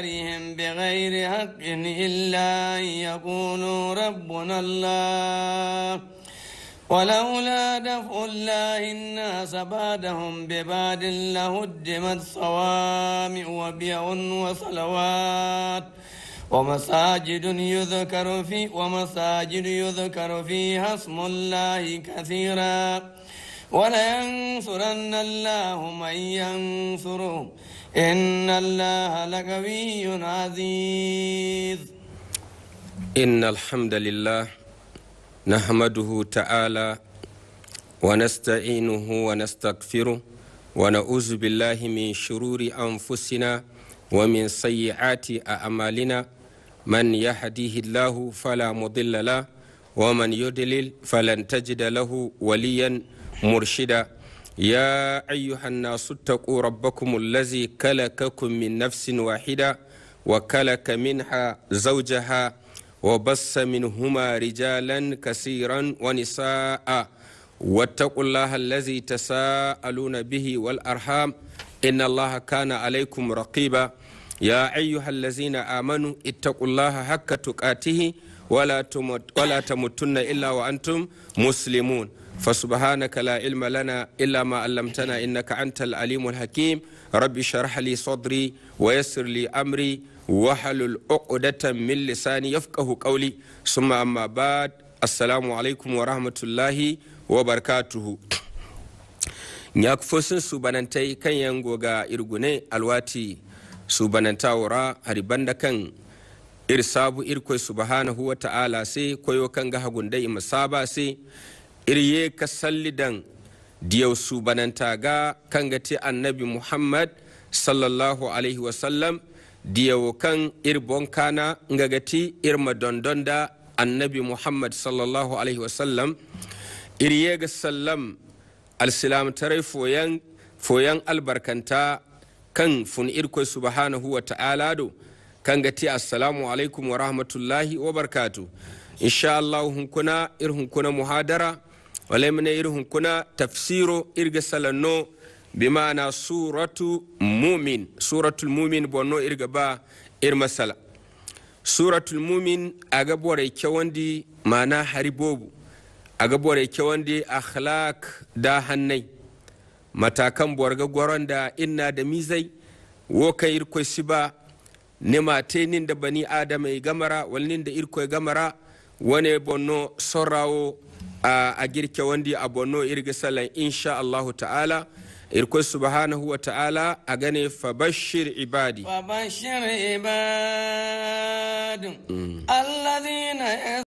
ديارهم بغير حق إلا أن يقولوا ربنا الله ولولا دفع الله الناس بعدهم ببعد لهدمت صوامع وبيع وصلوات ومساجد يذكر في ومساجد يذكر فيها اسم الله كثيرا ولينصرن الله من ينصره إن الله لقوي عزيز إن الحمد لله نحمده تعالى ونستعينه ونستغفره ونعوذ بالله من شرور أنفسنا ومن سيئات أعمالنا من يهديه الله فلا مضل له ومن يضلل فلن تجد له وليا murshida ya ayyuhan nasu taqu rabbakum allazi kalakakum min nafsin wahida wa kalaka minha zawjaha wa bassa minhuma rijalan kasiran wa nisaa واتقوا الله الذي تساءلون به والأرحام إن الله كان عليكم رقيبا يا أيها الذين آمنوا اتقوا الله حق تقاته ولا تموتن إلا وأنتم مسلمون فسبحانك لا علم لنا إلا ما علمتنا إنك أنت العليم الحكيم ربي شرح لي صدري ويسر لي أمري وحل العقدة من لساني يفقه قولي ثم أما بعد السلام عليكم ورحمة الله وبركاته nyak fosin subanantai kan yango ga irgune alwati subanantawura haribanda kan irsabu sabu irkoi subhanahu wa ta'ala sai koyo kan ga hagundai masaba sai irye ka sallidan diyaw subanantaga kan gati annabi muhammad sallallahu alaihi wasallam diyau kan ir bonkana ngagati irma annabi muhammad sallallahu alaihi wasallam ga sallam alsilamtarai foyan foyan albarkanta kan fun irko subhanahu wa ta'ala do kan gati assalamu alaikum wa rahmatullahi wa barkatu insha Allah hunkuna ir hunkuna muhadara wale mene iri hunkuna tafsiro irga bi ma'ana suratu mumin suratul mumin bonno irga ba irma sala suratul mumin aga boray kewandi mana hari haribobu aga boray wandi akhlaq da hannai matakan borga da inna da mizai wo kan irkoy siba mate tenin da bani adama e gamara walnin da gamara wani bonno sorawo a girke wandi a bonno irga sallan insha allahu ta'ala irko subhanahu wa ta'ala a gane fabashir ibadi fabashir ibadi